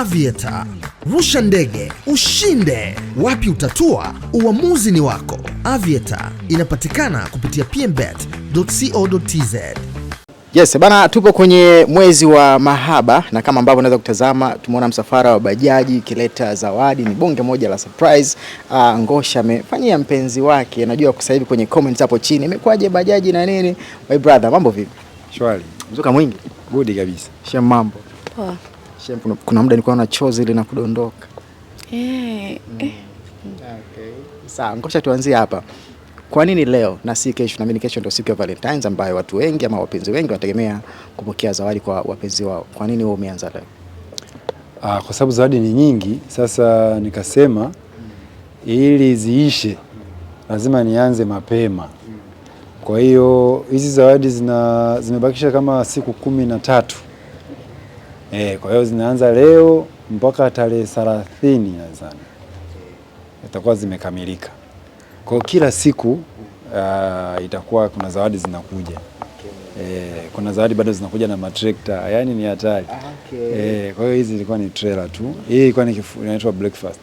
Aviator. Rusha ndege, ushinde. Wapi utatua? Uamuzi ni wako. Aviator inapatikana kupitia pmbet.co.tz. Yes, bana tupo kwenye mwezi wa mahaba na kama ambavyo unaweza kutazama tumeona msafara wa bajaji ikileta zawadi, ni bonge moja la surprise. Uh, Ngosha amefanyia mpenzi wake, najua sasa hivi kwenye comments hapo chini imekwaje bajaji na nini. My brother, mambo vipi? Shwari. Mzuka mwingi. Good kabisa. mambo. Poa kuna muda nilikuwa na chozi ile na kudondoka. Eh. Mm. eh. Okay. Sawa, ngoja tuanzie hapa. Kwa nini leo na si kesho? Na mimi kesho ndio siku ya Valentines ambayo watu wengi ama wapenzi wengi wanategemea kupokea zawadi kwa wapenzi wao. Kwa nini wewe umeanza leo? Ah, kwa sababu zawadi ni nyingi. Sasa nikasema ili ziishe lazima nianze mapema. Kwa hiyo hizi zawadi zina zimebakisha kama siku kumi na tatu E, kwa hiyo zinaanza leo mpaka tarehe thelathini nadhani itakuwa zimekamilika. Kwa hiyo kila siku uh, itakuwa kuna zawadi zinakuja e, kuna zawadi bado zinakuja na matrekta, yaani ni hatari ah, okay. E, kwa hiyo hizi ilikuwa ni trailer tu, hii ilikuwa inaitwa breakfast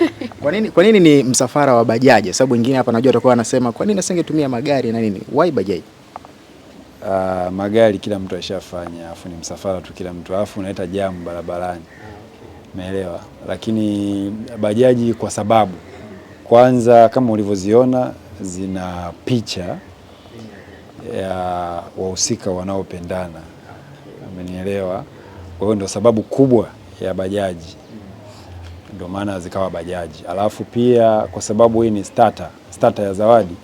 Kwa nini, kwa nini ni msafara wa bajaji? Sababu wengine hapa najua watakuwa wanasema kwa nini asingetumia magari na nini, why bajaji? uh, magari kila mtu aishafanya, afu ni msafara tu kila mtu, afu unaleta jamu barabarani, umeelewa? Lakini bajaji kwa sababu kwanza, kama ulivyoziona, zina picha ya wahusika wanaopendana, umenielewa? Kwa hiyo ndio sababu kubwa ya bajaji, ndio maana zikawa bajaji. Alafu pia kwa sababu hii ni starter, starter ya zawadi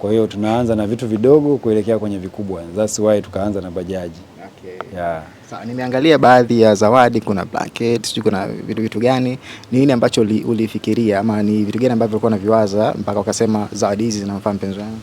kwa hiyo tunaanza na vitu vidogo kuelekea kwenye vikubwa. That's why tukaanza na bajaji. Okay. Yeah. Sasa nimeangalia baadhi ya zawadi, kuna blanket, sijui kuna vitu vitu gani. Ni nini ambacho li, ulifikiria ama ni vitu gani ambavyo ulikuwa unaviwaza mpaka ukasema zawadi hizi zinamfaa mpenzi wangu?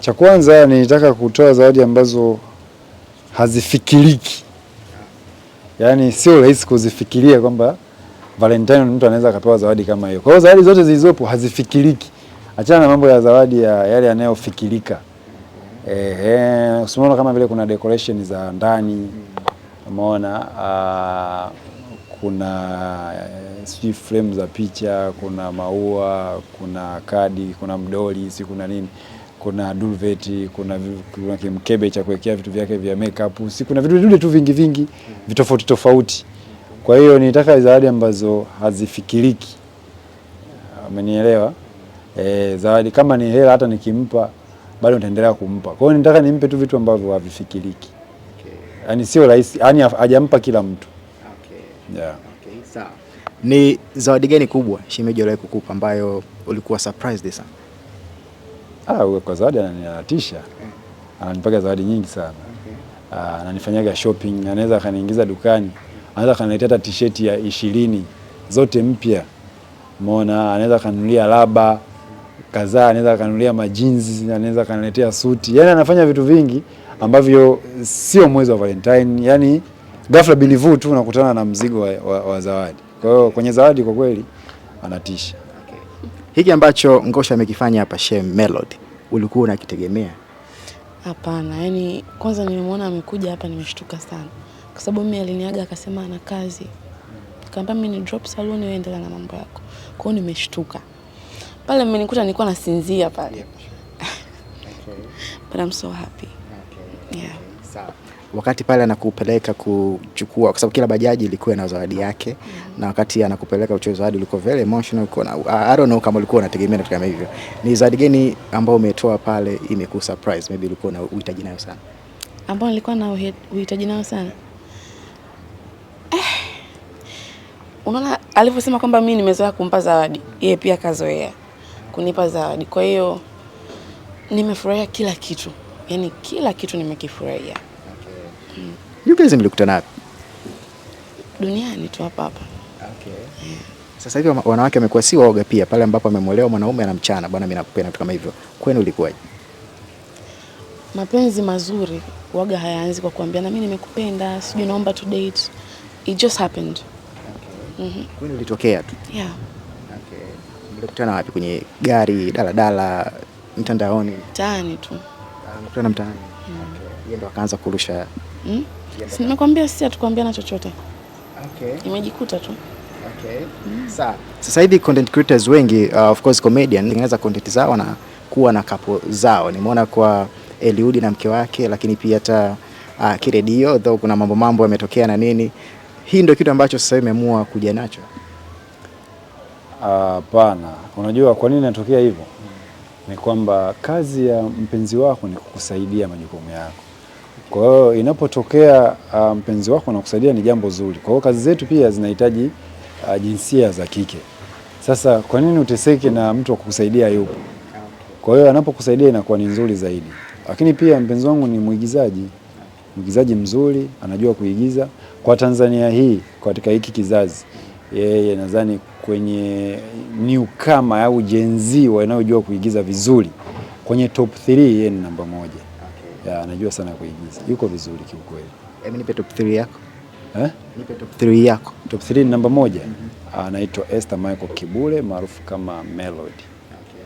Cha kwanza nilitaka kutoa zawadi ambazo hazifikiriki. Yaani sio rahisi kuzifikiria kwamba Valentine mtu anaweza akapewa zawadi kama hiyo. Kwa hiyo zawadi zote zilizopo hazifikiriki achana na mambo ya zawadi ya yale yanayofikirika. Eh, usimuona kama vile kuna decoration za ndani, umeona ah, kuna eh, sijui frame za picha, kuna maua, kuna kadi, kuna mdoli, si kuna nini, kuna duveti, kuna, kuna kimkebe cha kuwekea vitu vyake vya makeup, si kuna vitu vidude tu vingi vingi vitofauti tofauti. Kwa hiyo nitaka zawadi ambazo hazifikiriki, amenielewa? e, zawadi kama ni hela, hata nikimpa bado nitaendelea kumpa. Kwa hiyo nitaka nimpe tu vitu ambavyo havifikiriki, okay. Yani sio rahisi, yani hajampa kila mtu okay. Yeah. Okay, sawa. Ni zawadi gani kubwa shemeji aliwahi kukupa ambayo ulikuwa surprised sana? Ah, kwa zawadi ananiatisha, ananipaga ah, zawadi nyingi sana okay. Ah, ananifanyaga shopping, anaweza akaniingiza dukani, anaweza akaniletea hata t-shirt ya ishirini zote mpya, umeona, anaweza akanunulia laba kadhaa, anaweza akanunulia majinzi, anaweza akaniletea suti, yani anafanya vitu vingi ambavyo sio mwezi wa Valentine. Yani ghafla bilivu tu unakutana na mzigo wa, wa, wa zawadi. Kwa hiyo kwenye zawadi kwa kweli anatisha. Okay. Hiki ambacho Ngosha amekifanya hapa Shem Melody, ulikuwa unakitegemea? Hapana, yani kwanza nilimwona amekuja hapa nimeshtuka sana, kwa sababu mimi aliniaga akasema ana kazi, kaambia mimi ni drop saluni, wewe endelea na mambo yako. Kwa hiyo nimeshtuka pale mmenikuta nilikuwa nasinzia pale. But I'm so happy. Okay. Yeah. Sawa. Wakati pale anakupeleka kuchukua, kwa sababu kila bajaji ilikuwa na zawadi yake. mm -hmm. Na wakati anakupeleka kuchukua zawadi ulikuwa very emotional, uko na I don't know kama ulikuwa unategemea kitu kama hivyo. Ni zawadi gani ambayo umetoa pale imeku surprise, maybe ulikuwa na uhitaji nayo sana? Ambayo nilikuwa na uhitaji nayo sana. Eh. Unaona alivyosema kwamba mimi nimezoea kumpa zawadi, yeye pia kazoea kunipa zawadi. Kwa hiyo nimefurahia kila kitu, yaani kila kitu nimekifurahia. Okay. Mm. You guys mlikutana wapi? Duniani tu hapa hapa. Okay. Sasa hivi wanawake wamekuwa si waoga pia, pale ambapo amemwelewa mwanaume anamchana, bwana mimi nakupenda, kama hivyo. Kwenu ilikuwaje? Mapenzi mazuri waga hayaanzi kwa kuambia na mimi nimekupenda, sijui naomba tu date. It just happened. Okay. Mm -hmm. Kwenu ilitokea tu. Yeah. Mtakutana wapi? Kwenye gari, daladala, mtandaoni? Mtaani tu. Mkutana ah, mtaani. Hmm. Yeye ndo akaanza kurusha. Hmm? Nimekwambia sisi hatukwambiana chochote. Okay. Imejikuta tu. Okay. Mm. Sawa. Sasa hivi content creators wengi uh, of course comedian tengeneza content zao na kuwa na kapo zao. Nimeona kwa Eliudi na mke wake, lakini pia hata uh, Kiredio though kuna mambo mambo yametokea na nini. Hii ndio kitu ambacho sasa imeamua kuja nacho. Hapana. Uh, Unajua kwa nini inatokea hivyo? Ni kwamba kazi ya mpenzi wako ni kukusaidia majukumu yako. Kwa hiyo inapotokea uh, mpenzi wako anakusaidia ni jambo zuri. Kwa hiyo kazi zetu pia zinahitaji uh, jinsia za kike. Sasa kwa nini uteseke na mtu wa kukusaidia yupo? Kwa hiyo anapokusaidia inakuwa ni nzuri zaidi. Lakini pia mpenzi wangu ni mwigizaji, mwigizaji mzuri, anajua kuigiza. Kwa Tanzania hii, katika hiki kizazi, yeye nadhani kwenye newcomer au Gen Z wanaojua kuigiza vizuri kwenye top 3 yeye ni namba moja. Okay. Ya, Anajua sana kuigiza, yuko vizuri kiukweli. Hebu nipe top 3 yako. Eh? Nipe top 3 yako. Top 3 ni namba moja mm -hmm. Anaitwa Esther Michael Kibule maarufu kama Melody. Okay.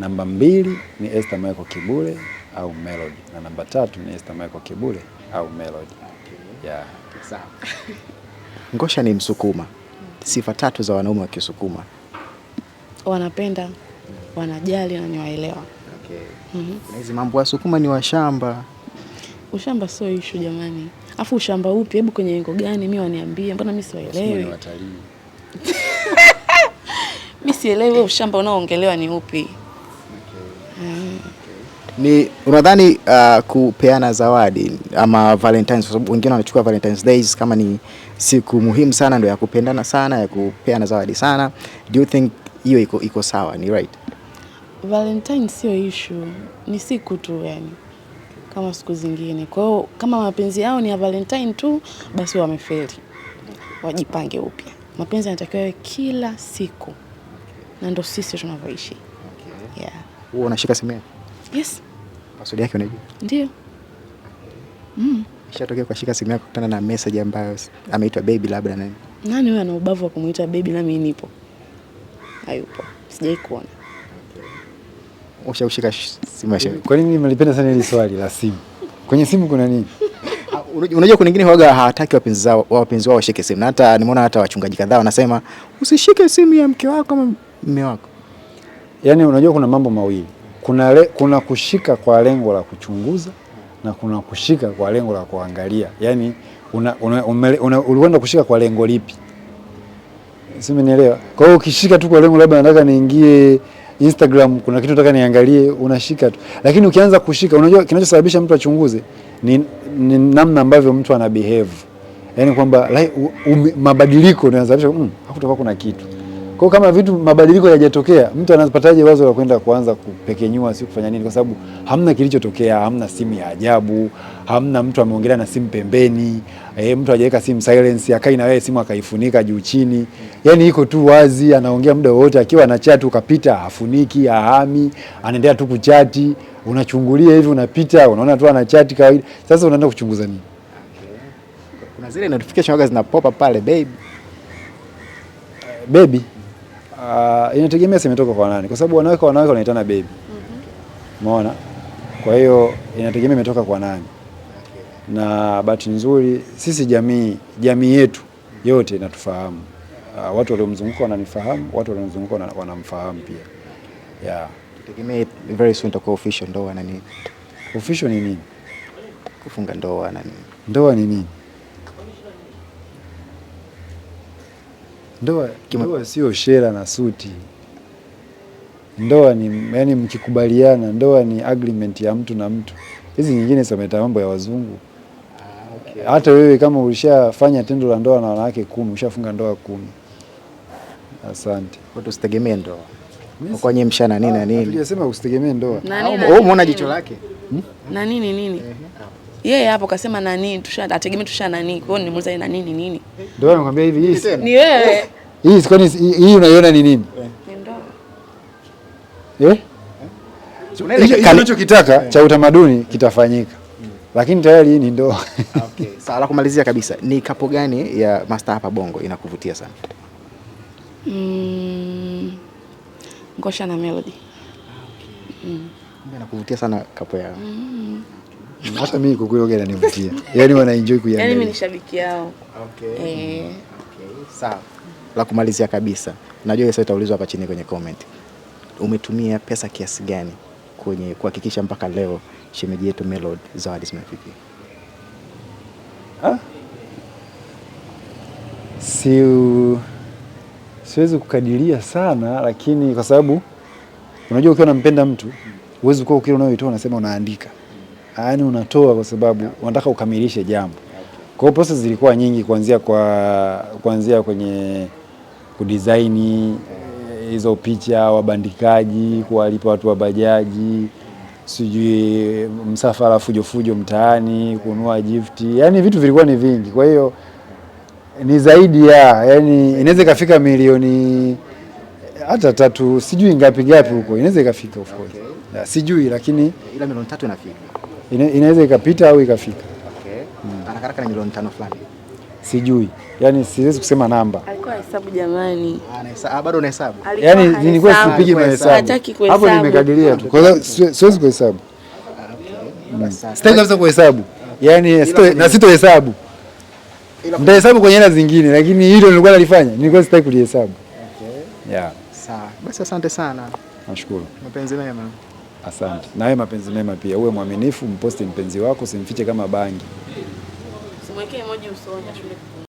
Namba mbili ni Esther Michael Kibule au Melody na namba tatu ni Esther Michael Kibule au Melody. Okay. Yeah. Sawa. Ngosha ni Msukuma sifa tatu za wanaume wa Kisukuma? Wanapenda, wanajali na ni waelewa. Okay. Mm -hmm. mambo ya Sukuma ni washamba. Ushamba sio ishu jamani, afu ushamba upi? Hebu kwenye engo gani? Mi waniambie, mbona mi siwaelewi? mi sielewi wewe ushamba unaoongelewa ni upi? Mm. Ni unadhani uh, kupeana zawadi ama Valentines, kwa sababu wengine wanachukua Valentines Days kama ni siku muhimu sana, ndio ya kupendana sana, ya kupeana zawadi sana. Do you think hiyo iko, iko sawa? Ni right? Valentine sio issue, ni siku tu yani kama siku zingine. Kwa hiyo kama mapenzi yao ni ya Valentine tu, basi wamefeli, wajipange upya. Mapenzi yanatakiwa yawe kila siku, na ndo sisi tunavyoishi. Okay. Yeah. Wewe unashika simu yako? Yes. Password yake unajua? Ndio. Mm. Ishatokea kwa shika simu yako kutana na message ambayo ameitwa baby, labda nani nani huyo ana ubavu wa kumuita baby? na mimi nipo, hayupo, sijai kuona. Ushaushika simu yako? Kwa nini mlipenda sana hili swali la simu? Kwenye simu kuna nini? Ah, unajua, kuna wengine huaga hawataki wapenzi wao wapenzi wao washike simu, na hata nimeona hata wachungaji kadhaa wanasema usishike simu ya mke wako ama mume wako. Yaani, unajua kuna mambo mawili, kuna, le, kuna kushika kwa lengo la kuchunguza na kuna kushika kwa lengo la kuangalia, yaani ulikwenda una, una, kushika kwa lengo lipi? Simenielewa? Kwa hiyo ukishika tu kwa lengo labda nataka niingie Instagram, kuna kitu nataka niangalie, unashika tu, lakini ukianza kushika, unajua kinachosababisha mtu achunguze ni, ni namna ambavyo mtu ana behave, yaani kwamba mabadiliko yanasababisha mm, hakutakuwa kuna kitu kwa kama vitu mabadiliko yajatokea, mtu anapataje wazo la kwenda kuanza kupekenyua si kufanya nini? Kwa sababu hamna kilichotokea, hamna simu ya ajabu, hamna mtu ameongelea na simu pembeni, e, mtu hajaweka simu silence, akai na wewe simu akaifunika juu chini. Yaani iko tu wazi, anaongea muda wote akiwa na chat ukapita, afuniki ahami, anaendelea tu kuchati, unachungulia hivi unapita, unaona tu ana chat kawaida. Sasa unaenda kuchunguza nini? Kuna zile notification waga zina pop pale baby. Baby uh, inategemea simetoka kwa nani, kwa sababu wanawake wanawake wanaitana baby. Mhm. Umeona? mm -hmm. Kwa hiyo inategemea imetoka kwa nani. Na bahati nzuri sisi jamii jamii yetu yote inatufahamu. Uh, watu waliomzunguka wananifahamu, watu waliomzunguka wanamfahamu pia. Yeah. very soon itakuwa official ndoa na nini? Official ni nini? Kufunga ndoa na nini? Ndoa ni nini? Ndoa, ndoa sio shera na suti. Ndoa ni yani, mkikubaliana, ndoa ni agreement ya mtu na mtu. Hizi nyingine sameta mambo ya wazungu. Ah, Hata wewe kama ulishafanya tendo la ndoa na wanawake kumi, ushafunga ndoa kumi. Asante. Usitegemee ndoa nyinyi mshana nini na ah, nini. Tulisema usitegemee ndoa. Umeona jicho lake na nini nini yeye hapo kasema nani, ategemea tusha nani. Kwa hiyo nimuuliza na nini nini, ndio wewe unamwambia hivi, ni wewe eh, hii sikoni hii unaiona ni nini? Eh, eh? unachokitaka cha eh. utamaduni kitafanyika, mm. lakini tayari hii ni ndoa. Okay, sawa. La kumalizia kabisa, ni kapo gani ya Master hapa Bongo inakuvutia sana? Mm, Ngosha na Melody. Ah, okay. Mm. nakuvutia sana kapo ya Mm hata mimi kukuyoga inanivutia, yaani wana enjoy kuiangalia. Yaani mimi ni shabiki yao. Okay. Eh. Okay. Sawa. La kumalizia kabisa, najua hiyo sasa itaulizwa hapa chini kwenye comment, umetumia pesa kiasi gani kwenye kuhakikisha mpaka leo shemeji yetu Melody zawadi zimefikia? Ah? Si siwezi kukadiria sana, lakini kwa sababu unajua ukiwa unampenda mtu huwezi kuwa ukile unayoitoa unasema unaandika yani unatoa kwa sababu unataka ukamilishe jambo. Kwa hiyo process zilikuwa nyingi kuanzia kwa kuanzia kwenye kudizaini eh, hizo picha, wabandikaji, kuwalipa watu wa bajaji, sijui msafara fujofujo mtaani, kununua gift, yaani vitu vilikuwa ni vingi. Kwa hiyo ni zaidi ya yani, inaweza ikafika milioni hata tatu, sijui ngapi ngapi huko, inaweza ikafika of course, sijui lakini ila milioni tatu inafika ina, inaweza ikapita au ikafika. Okay. Ana karaka na milioni tano fulani. Sijui. Yaani siwezi kusema namba. Alikuwa hesabu jamani. Ah, anahesabu ah, bado unahesabu. Yaani nilikuwa sipigi mahesabu. Hataki kuhesabu. Hapo nimekadiria tu. Kwa sababu siwezi kuhesabu. Ah, hmm. Sitaki kabisa kuhesabu. Yaani na sitohesabu. Nitahesabu kwenye hela zingine lakini hilo nilikuwa nalifanya. Nilikuwa sitaki kulihesabu. Okay. Yeah. Sawa. Basi asante sana. Nashukuru. Mapenzi mema. Asante. Na wewe mapenzi mema pia, uwe mwaminifu, mposti mpenzi wako, simfiche kama bangi. Simwekee emoji usoni.